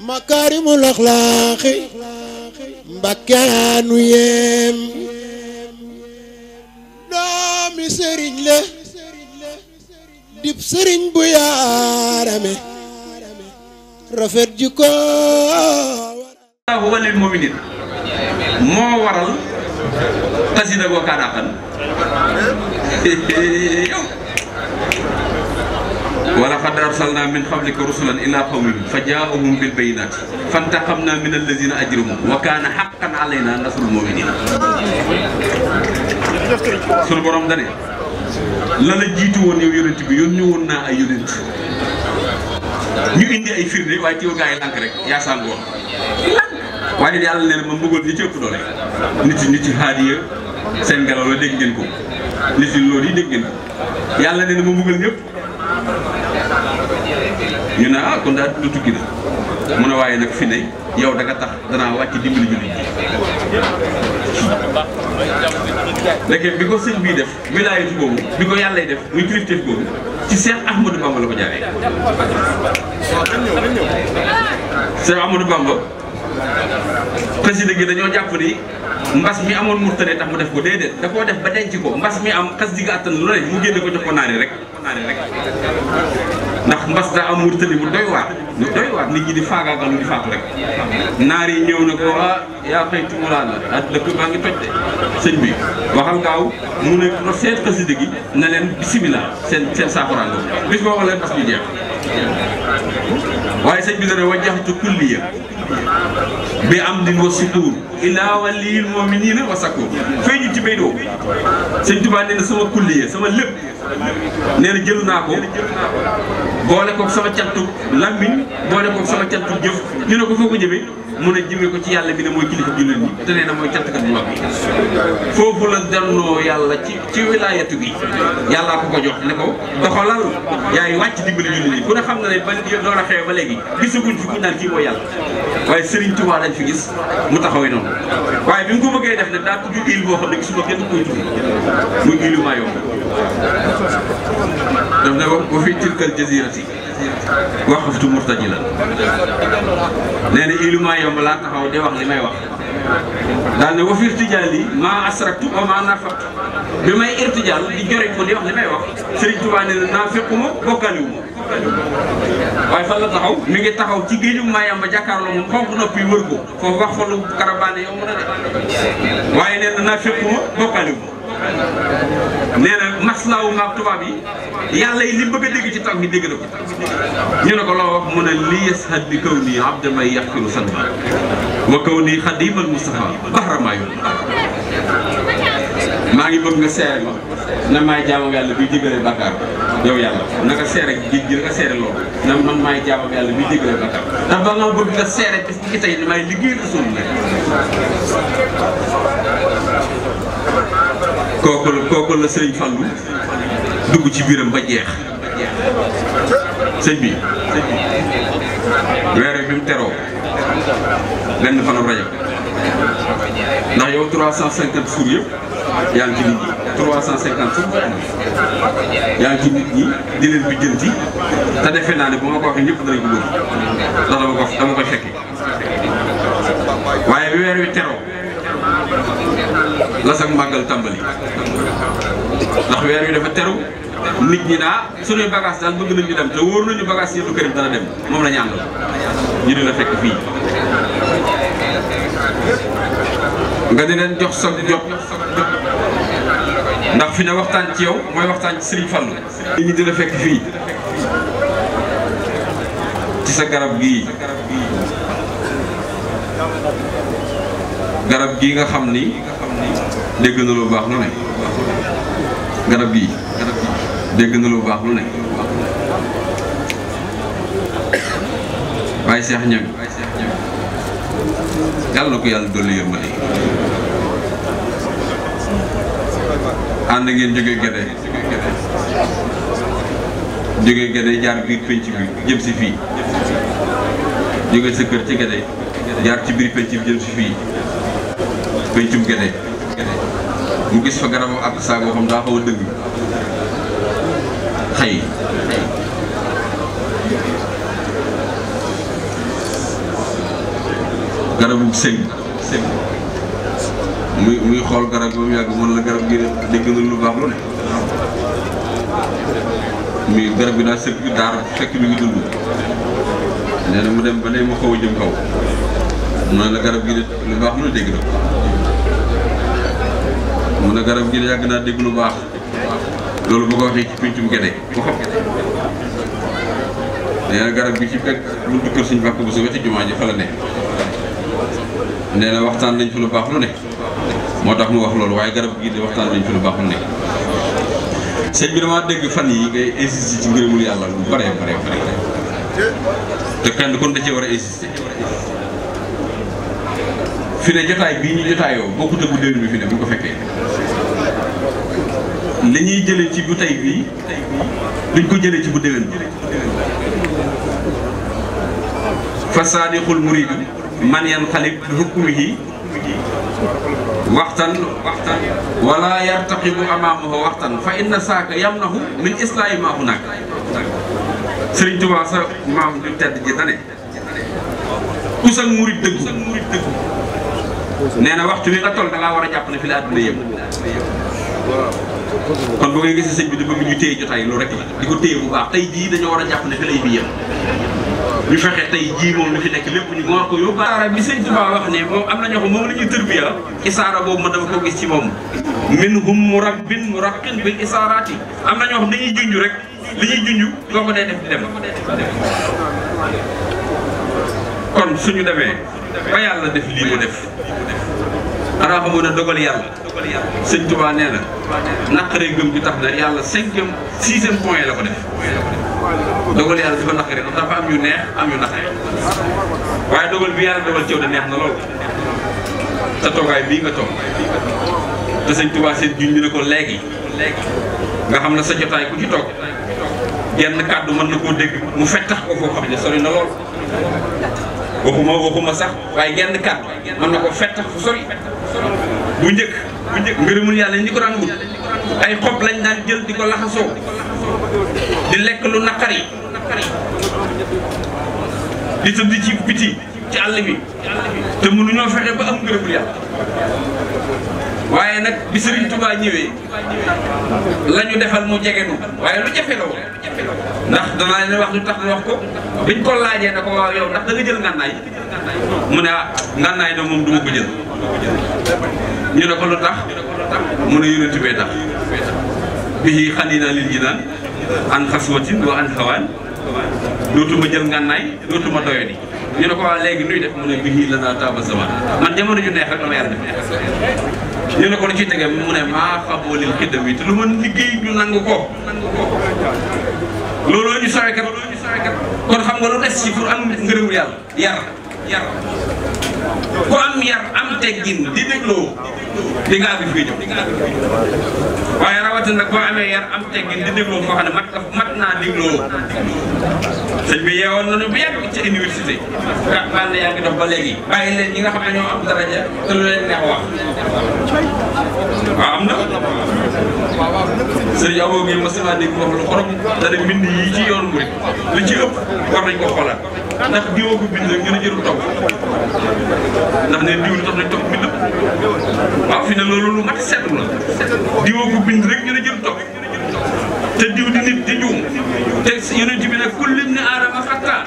makaarimul axlaaxi mbakkaanu yem doomi sëriñ la dib sëriñ bu yaarame rafet ji ko walil mu'minin moo waral xasida goo kaanaaxan yow ولقد أرسلنا من قبلك رسلا إلى قومهم فجاءهم بالبينات فانتقمنا من الذين أجرموا وكان حقا علينا نصر المؤمنين sunu borom dane la la jiitu woon yow yonent bi yónni woon naa ay yonent ñu indi ay firnde waaye ci gaa yi lànk rek yaa saan woon waaye yàlla nee na ma mbëggoon ñi ci ëpp doole nit ñi ci haadiya seen ngelaw la dégg ngeen ko nit ñi loolu yi dégg ngeen yàlla nee na ma mbëggal ñëpp ñu ne ah kon daal du tukki na mu ne waaye nag fi ne yow da nga tax danaa wàcc dimbali jullit léegi bi ko sëñ bii def wilaayatu boobu bi ko yàllay def muy kilifteef boobu ci Seex Ahmadou Bamba la ko jaaree. Seex Ahmadou Bamba président gi dañoo jàpp ni. mbas mi amoon murtane tax mu def ko déedéet da koo def ba denc ko mbas mi am xas di nga attan lu ne mu génne ko jox ko naani rek ndax mbas daa am murtane bu doy waar nit ñi di faagaagalu di faatu rek naar yi ñëw na ko ah yaa xëy tumuraan la ak dëkk baa ngi toj de sëñ bi waxal gaaw mu ne ko seet xasida na leen bisimila seen seen saafaraan bis boo wax leen mbas bi jeex waaye sëñ bi dana wajjahtu kulliya bi amdin wa moom ilaa waliyil muminina wa sakuur fay ñu ci béy doo sëñ Tuubaa na sama kulliya sama lépp nee na jëlu naa ko boole koog sama cantu lammiñ boole koog sama cantu jëf ñu ne ko foo ko mun a ko ci yàlla bi ne mooy kilifa jullit ñi foofu la delloo yàlla ci wilaayatu gi yàllaa ko ko jox ne ko doxalal yaay wàcc dimbali jullit ñi ku ne xam na ne loolu a xew ba léegi gisaguñ fi kuñ naan kii mooy yàlla waaye Serigne fi gis mu taxawee noonu waaye bi ko bëggee def nag daa tudd île boo xam ne gisuma kenn koy tudd muy île Mayo daf ne wa fi tilkal jazirati waqaftu murtajilan nee na île Mayo laa taxaw de wax li may wax daal ne wafir tijaal yi maa asraktu wa maa nafaqtu bi may irtijaal di jore ko di wax li may wax Serigne Touba nee na waaye fan la taxaw mi ngi taxaw ci géeju Mayam ba jàkkaarloo moom xonq noppi wër ko foofu wax fa lu karabaane yow mën a de waaye nee na fekk ma bokkaliw nee na maslaawu tubaab yi yàlla yi li bëgg a dégg ci taw bi dégg na ko ñu ne ko loo wax mu ne lii yashad bi kaw nii abdama yaxfiru sanba wa kaw nii xadimal Mustafa bahramaayu maa ngi bëgg nga seere ma na maay jaamu yàlla buy jégale bàkkaar yow yàlla na nga seere géej gi seere loolu na man maay jaamam yàlla mi dégg la nga tax ndax ba nga bëgg nga seere bis ci tey ni maay liggéey rasul la kooku la kooku la sëriñ Fallu dugg ci biiram ba jeex sëñ bi sëñ bi weer mu teroo benn fanam rajab ndax yow 350 jours yëpp yaa ci nit ñi 350 fu yaa ngi ci nit ñi di bi jënti te defe naa ne bu ma ko waxee ñëpp danañ ko bëgg ndax dama ko dama koy fekki waaye weer wi teroo la màggal tàmbali ndax weer wi dafa teru nit ñi daa suñuy bagage daal bëgg nañ ñu dem te wóor nañu bagage yi lu kër dana dem moom la ñu àndal ñu di la fekk fii nga di leen jox sa jot ndax fi ne waxtaan ci yow mooy waxtaan ci Serigne Fallou li ñu di la fekk fii ci sa garab gii garab gii nga xam ni dégg na lu baax lu ne garab gii dégg na lu baax lu ne waaye Cheikh ñam yàlla na ko yàlla dolli yërmande ànd ngeen jóge Gede jóge Gede jaar biir penc bi jëm si fii jóge sa kër ci Gede jaar ci biir penc bi jëm si fii pencum Gede mu gis fa garabam ak saa xam daa xaw a dëgg xëy garabu sëñ muy muy xool garab gi mu yàgg mën la garab gi dégg na lu baax lu ne muy garab gi daal sëgg bi daar fekk mi ngi nee na mu dem ba ne mu xaw a jëm kaw mu ne la garab gi de lu baax garab gi de yàgg naa dégg lu loolu bu ko waxee ci pincum gede bu xam nee garab gi ci fekk nee na waxtaan nañ fa lu baax lu ne moo tax mu wax loolu waaye garab gii de waxtaan nañ fi lu baaxul nekk sëñ bi damaa dégg fan yi ngay insister ci ngërëmul yàlla lu bare bare bare te kenn kon da cee war a insister fi jotaay bii ñu jotaayoo bokkut bu déwén bi fi buñ ko fekkee li ñuy jëlee ci bu tey bii duñ ko jëlee ci bu déwén bi fa saadiqul man yan xalib bi hukmihi waxtan waxtan wala yartaqibu amaamahu waxtan fa inna saaka yamnahu min islaahi ma hunaka Sëriñ Tuubaa sa maam ju tedd ji dane ku sa murit dëggu nee na waxtu wi nga toll da ngaa war a jàpp ne fi la àdduna yem kon bu ngay gisee sëñ bi di bëgg ñu téye jotaay lu rek di ko téye bu tey jii dañoo war a jàpp ne fi lay ñu fexe tey jii moom lu fi nekk lépp ñu war ko yóbbu. saara bi sëñ Tuubaa wax ne moom am na ñoo xam moom la ñuy tërbiya isaara boobu man dama ko ci moom. min hum mu rabbin mu raqin bil isaaraati am na ñoo xam ñuy junj rek li ñuy junj boo ko dee def di dem. kon suñu demee ba yàlla def lii mu def. xanaa xamoon na dogal yàlla sëñ Tuba nee naqaree gëm gi tax na yàlla cinquième sixième point la ko def dogal yàlla di ko naqaree ndax dafa am yu neex am yu naqaree waaye dogal bi yàlla dogal cëw neex na lool sa toogaay bii nga toog te sëñ Tuba seen junj na ko léegi nga xam ne sa jotaay ku ci toog genn kàddu mën na koo dégg mu fettax ko foo xam ne sori na waxuma waxuma sax waaye genn kàddu mën na ko fett fu sori bu njëkk bu njëkk ngërëmul yàlla ñi ko daan wut ay xob lañ daan jël di ko laxasoo di lekk lu naqar yi di tëdd ci biti ci àll bi te mënuñoo fexe ba am ngërëmul yàlla waaye nag bi Serigne Touba ñëwee lañu defal mu jege nu waaye lu jafe la woon ndax danaa leen wax lu tax wax ko biñ ko laajee na ko waaw yow ndax da nga jël ngànnaay mu ne ah ngànnaay da moom du ma ko jël ñu ne ko lu tax mu ne yonent bee tax bii xandi naa lil ji naan an xaswatin wa an xawaan dootuma jël ngànnaay dootuma doyadi ñu ne ko waaw léegi nuy def mu ne bii la naa taaba sama man jamono ñu neex rek dama yàlla ñu ne ko lu ciy tege mu ne maa xaboo lil xidam yi te lu mën liggéey ñu nangu ko looloo ñu sooy kat kon xam nga lu des ci pour am ngërëmu yàlla yar yar ku am yar am teggin di dégloo di nga àgg fii jëm waaye rawatina nag boo amee yar am teggin di dégloo koo xam mat naa dégloo sëñ bi yeewoon nañu bu yàgg ci université kat man na yaa ngi ba léegi bàyyi leen ñi nga xam ne ñoo am daraja te lu leen neex wax am na sëriñ Abo gi mas naa dégg wax lu xorom dana mbind yi ci yoon li ci ëpp nañ ko xoolaat ndax diwoo ko bind rek ne jëru topp ndax ne diw li tax topp mbind fi ne loolu lu mat seetlu la diwoo ko bind rek ñu ne jëm toog te diw di nit di juum te yonent bi nag kullu ibni aadama xataa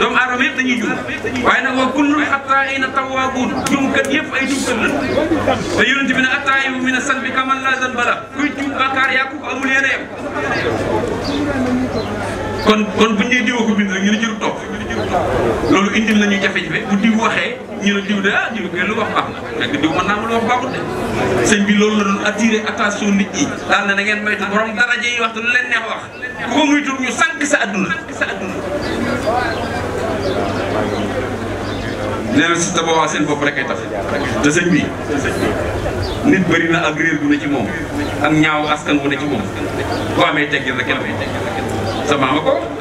doomu aadama yëpp dañuy juum waaye nag wa kullu xataa ay na tawaabuun juumkat yëpp ay juumkat la te yonent bi ne attaa'ibu mina sanbi kaman laa zanba lahu kuy juum bàkkaar yaa ko amul yéene yem kon kon buñ nee diwoo ko bind rek ñu ne jëm toog. diw loolu indil nañu jafe-jafe bu diw waxee ñu ne diw de ah diw kay lu wax baax na fekk diw mën naa ma lu wax baaxul de sëñ bi loolu la doon attiré attention nit ñi daal na na ngeen moytu borom daraja yi wax te lu leen neex wax ku ko muy tur ñu sànq sa adduna sa adduna nee na si tabawa seen bopp rek ay tax te sëñ bi nit bëri na ak réer ne ci moom ak ñaaw askan wu ne ci moom boo amee teggin rek kenn sama ma ko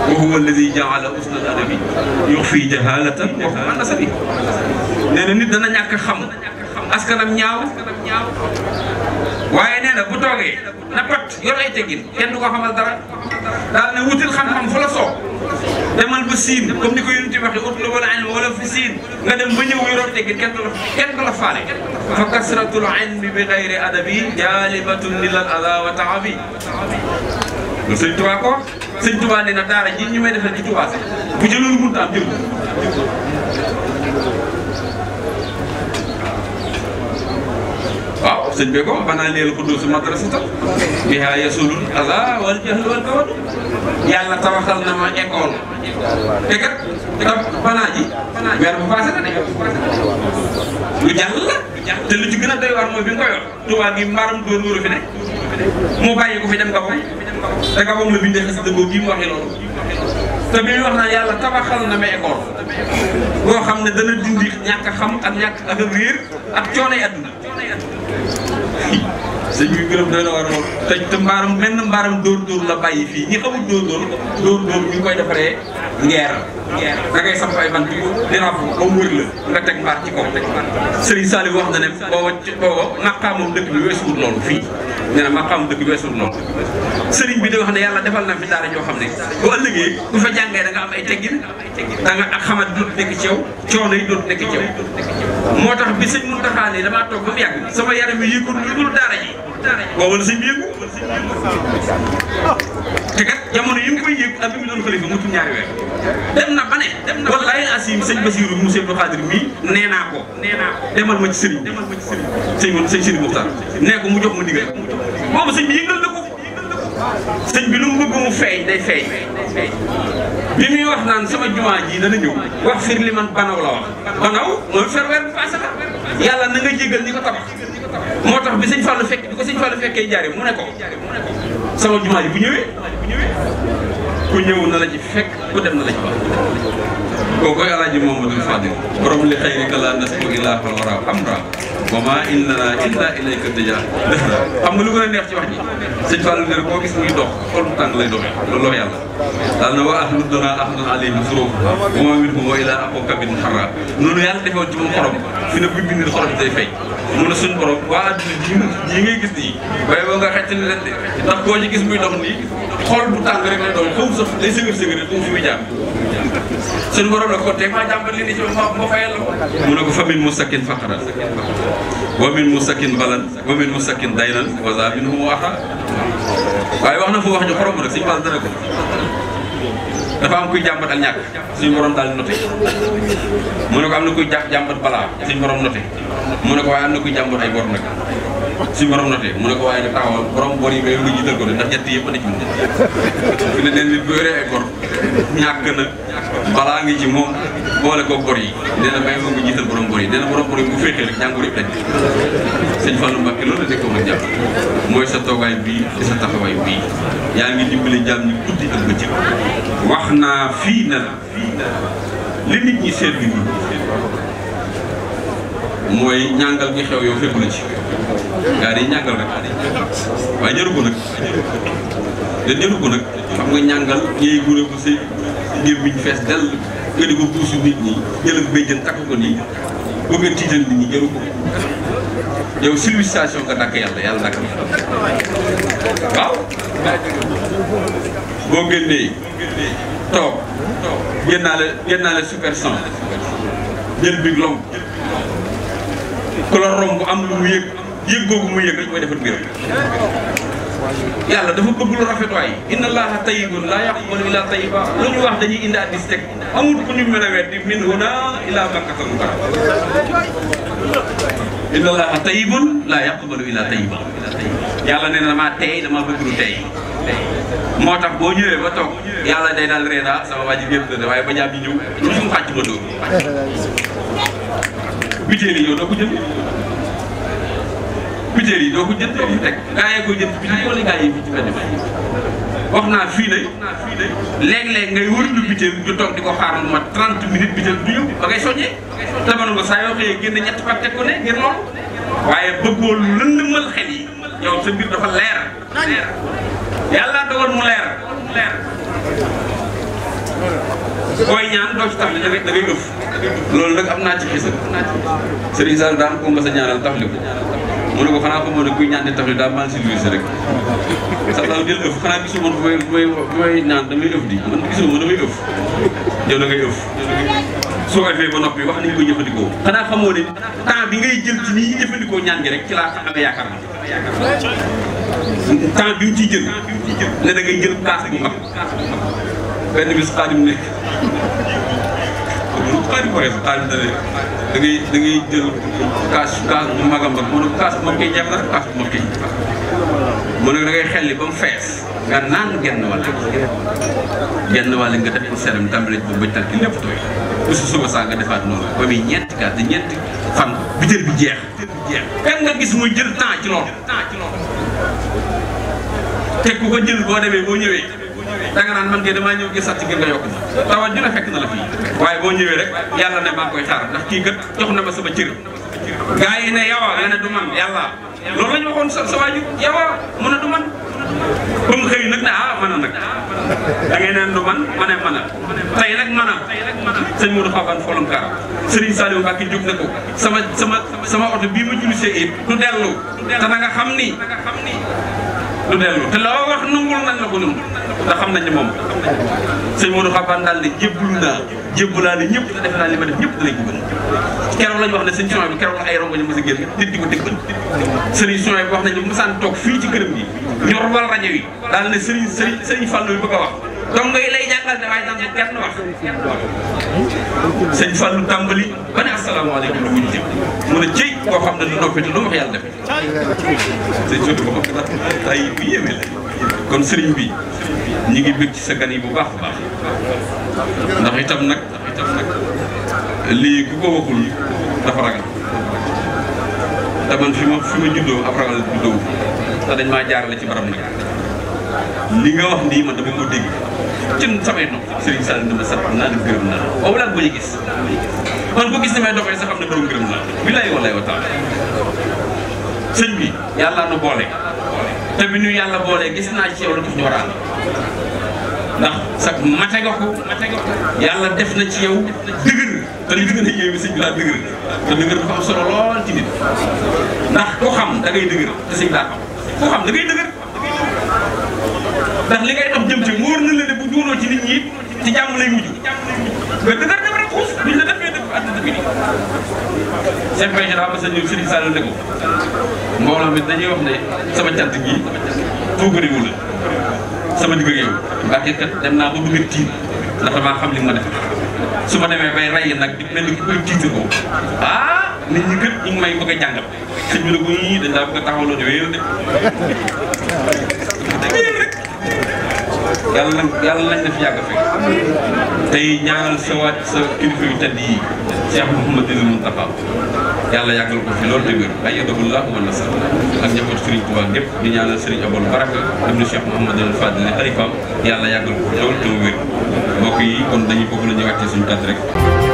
wa huwa alladi jaala usna al adabi yuxfi jahalatan wa hukma nasabi nee na nit dana ñàkk xam askanam ñaaw waaye nee na bu toogee na pat yor ay teggin kenn du ko xamal dara daal ne wutil xam-xam fu la soo demal ba siin comme ni ko yonent bi waxee ut la wala ilm wala fi siin nga dem ba ñëw yoroo teggin kenn du la kenn du la faale fa kasratul ilmi bi gayri adabi jaalibatun lil ada wa taabi loolu sëñ Tuubaa ko wax sëñ na daara ji ñu may defal ci Tuubaa si bu jëloon mënut a am jël waaw sëñ bi ko banaa leelu ko dóor lu la te lu ci gën a doy waar mooy bi nga koy gi mbaram góor góor fi ne mu bàyyi ko fi dem Gabon te Gabon la bindee xasida boobu gii mu waxee loolu te bi wax naan yàlla tabaxal na ma école boo xam ne dana dindi ñàkk a xam ak ñàkk ak a réer ak coonay adduna sëñ bi gërëm doy na war loolu te te mbaaram benn mbaaram dóor dóor la bàyyi fii ñi xamul dóor dóor dóor dóor ñu koy defaree ngeer da ngay samp ay bant di rab la nga teg mbaar ci kaw teg mbaar Serigne Saliou wax na ne booba booba maqaamam dëkk bi weesuwul loolu fii nee na maqaamam dëkk bi weesuwul loolu Serigne bi di wax ne yàlla defal na fi daara joo xam ne boo ëllëgee bu fa jàngee da nga am ay teggin da nga ak xamat dootu nekk ci yow coono yi dootu nekk ci moo tax bi sëñ Mountakha ne damaa toog ba mu yàgg sama yaram yi yëgul yëgul daara ji booba la sëñ bi yëgu te kat jamono yi mu koy yëg ak bi mu doon xalifa mu tudd ñaari weer dem na ba ne dem na wallaahi asim sëñ Basiiru mu sëñ Abdou Xaadir mii nee ko nee naa ko demal ma ci sëriñ demal ma nee ko mu jox ma ndigal boobu sëñ bi yëngal na ko sëñ bi lu mu bëgg mu feeñ day feeñ bi muy wax naan sama jumaa ji dana ñëw wax fir li man banaw la wax banaw mooy fer weer bu paase la yàlla na nga jégal ñi ko tabax moo tax bi sëñ Fallou fekk bi ko sëñ Fallou fekkee jaare mu ne ko sama jumaa ji bu ñëwee ku ñëw na la ci fekk ku dem na la ci wax kooku El Hadj Mamadou Fadil borom li xëy rek la nas ko ilaa xol wara wa maa innanaa illaa ilayka dajaa xam nga lu gën a neex ci wax ji sëñ Fallou ne boo gis muy dox xol bu tàng lay doxee loolu la yàlla daal na wa ahmad dana ahmad alayhim suróof wa maa minhum wa illaa aqoo kabin xarra noonu yàlla defoon ci moom xorom fi ne buñ bindee xorom day yi ngay ba nga xecc ni leen de ndax koo ci gis bu tàng rek lay doon foofu sax day sëgër sëgër rek foofu fi ko famille mu sakkin faqara wamin mu sakkin balan wamin mu sakkin daynan wasa min mu waxa waaye wax na foo wax ñu xorom rek am kuy jàmbat ak ñàkk suñu borom daal noté mu ne na kuy jàmbat balaa suñu borom noté mu ne ko waaye am na kuy jàmbat ay nag suñu borom noté mu ne ko waaye nag taxawal yi ba yow nga jiital ko de ndax ñett yëpp a nekk fi mu ne ñàkk na balaa ngi ci moom boole ko bor yi nee na bay ma ko jiital borom bor yi nee na borom bor yi bu féexee rek jàngoor yëpp dañ sëñ jàpp mooy sa toogaay bii te sa taxawaay yaa ngi dimbale jàmm ñu naa fii na la li nit ñi xew yow fekku la ci gaa di ñàngal rek waaye jëru ko nag da jëru ko nag xam nga ñàngal ñëy guré ko si gémmiñ fees dell nga di ko puusu nit ñi jëlal béjjën takk ko nii bëgg a tiital nit ñi jëlu ko yow civilisation nga dakk yàlla yàlla dakk waaw boo génnee toog génnaale génnaale super son jël bi long ku la romb am lu mu yëg yëg googu mu yëg rek mooy defar biiram yàlla dafa bëgg lu rafet waay inna allaha tayyibun laa yaqbalu illa tayyiba lu ñu wax dañuy indi addis teg amul ku ñu mën a weddi min huna ila makkata mukarrama inna allaha tayyibun laa yaqbalu illa tayyiba yàlla nee na damaa tey damaa bëgg lu tey moo tax boo ñëwee ba toog yàlla day daal reena sama waa ji yëpp dana waaye ba ñaam ñi ñëw lu ma dóor butéeli yow doo ko biteel yi doo ko jënd rek gaa yee koy jënd biteel wala gaa yee fii ci benn wax naa fii ne léeg-léeg ngay wërlu biteel ñu toog di ko xaar lu mat 30 minutes biteel du ba ngay soññee te mën nga saa yoo xëyee génn ñett fan teg ko ne ngir loolu waaye bëggoo lëndëmal xel yi yow sa mbir dafa leer yàlla dogal mu leer leer ñaan doo ci tafli dangay dangay ëf loolu nag am naa ci xisa sëriñ Sall daan ko mos a ñaanal tafli ko mu ne ko xanaa xamoon ne kuy ñaan di tafli daal mal si luy si rek sax daal jël ëf xanaa gisul woon fu may fu may ñaan damay ëf di man gisul woon damay ëf yow da ngay ëf soo ëffee ba noppi wax nañ ko jëfandikoo xanaa xamoo ne temps bi ngay jël ci nii jëfandikoo ñaan gi rek ci laa amee yaakaar na temps bi mu ciy jël ngay jël kaas bu mag benn bis xaadim ne xaadim ko def xaadim dane da ngay da ngay jël kaas kaas bu mag a mag mu ne kaas bu mag kii jeex na kaas bu mag kii mu ne da ngay xelli ba mu fees nga naan genn wàll genn wàll nga def ko seeram tàmbali ba bëj-tal ki lépp tooy bu su suba saa nga defaat noonu ba muy ñeenti kaas di ñeenti fan bitel bi jeex jeex kan nga gis muy jël temps ci loolu temps ci loolu te ku ko jël boo demee boo ñëwee danga naan man de damaa ñëw gisat ci gën nga yokk ci tawat ju ne fekk na la fii waaye boo ñëwee rek yàlla ne maa koy xaar ndax kii kat jox na ba sama cër gaa yi ne yawa nga ne du man yàlla loolu sa sa waaju yawa mu ne du man ba mu xëy na ah, nag da man ma a tey nag mën a sëñ Modou Fapal Folonka Serigne Saliou Mbacke jóg na ko sama sama sama oto bii ma julli see it du dellu te na nga xam ni du dellu te loo wax nangul nañ la ko nangul te xam nañ ne moom sëñ Modou Xafaan daal ne jébbalu naa jébbalaale ñëpp te defe naa li ma def ñëpp danañ ko gën keroog lañ wax ne sëñ Sonia bi keroog ay rongo di ko dëggal sëriñ Sonia bi wax nañ ne mosaan toog fii ci këram gi ñor wal yi daal ne sëriñ sëriñ sëriñ Fallou bi bëgg a wax donc yi lay jàngal ne waaye dama ba ne asalaamaaleykum ñu jëm mu ne cëy koo xam ne lu noppi lu wax yàlla def sëñ Sonia ko la kon sëriñ bi ñi ngi bëgg ci sa gan yi bu baax a baax ndax itam nag itam nag lii ku ko waxul dafa ragal te man fi ma fi ma juddoo ab ragal juddoo te dañ maa jaarale ci baram nag lii nga wax nii man dama ko dégg cin samay nopp Serigne Sall dama sax xam naa ne gërëm naa boobu laa bëgg gis man ko gis samay doxee sax xam ne borom gërëm naa bilaay walaay wa taala sëñ bi yàlla nu boole te bi nu yàlla boole gis naa ci yow war a ànd ndax sax mate nga ko yàlla def na ci yow dëgër te li gën a yéeme sëñ bi dëgër te dëgër dafa am solo lool ci nit ndax ku xam da ngay dëgër te sëñ laa xam ku dëgër ndax li ngay dox jëm ci wóor na la ne bu juunoo ci nit ñi ci jàmm lay mujj nga dëgër dem rek xuus buñ la def ngay dëgg àdduna bi seen pexe daa ma sa ñëw Serigne Sall ne ko mbooloo mi dañuy wax ne sama cant gi tuugariwu la sama digg ak yow Mbacke kat dem naa ba a tiit ndax damaa xam li ma def su ma demee bay rey nag di mel ni ah, ñi gët may bëgg a jàngal sëñ bi ne ko yii dañ laa bëgg a taxawloo de wéer de. yàlla na yàlla nañ yàgg fekk tey ñaanal sa waat sa kilifa yu tedd yi Cheikh Mouhamadou Moustapha yàlla yàggal ko fi loolu dëgër ay yëdagul laa mën na sax ak njaboot Serigne Touba gépp di ñaanal Serigne Abol Baraka ibnu Cheikh Mouhamadou Fadil xalifaam yàlla yàggal ko fi loolu te wér mbokk yi kon dañuy foofu la ñuy wàccee suñu kàddu rek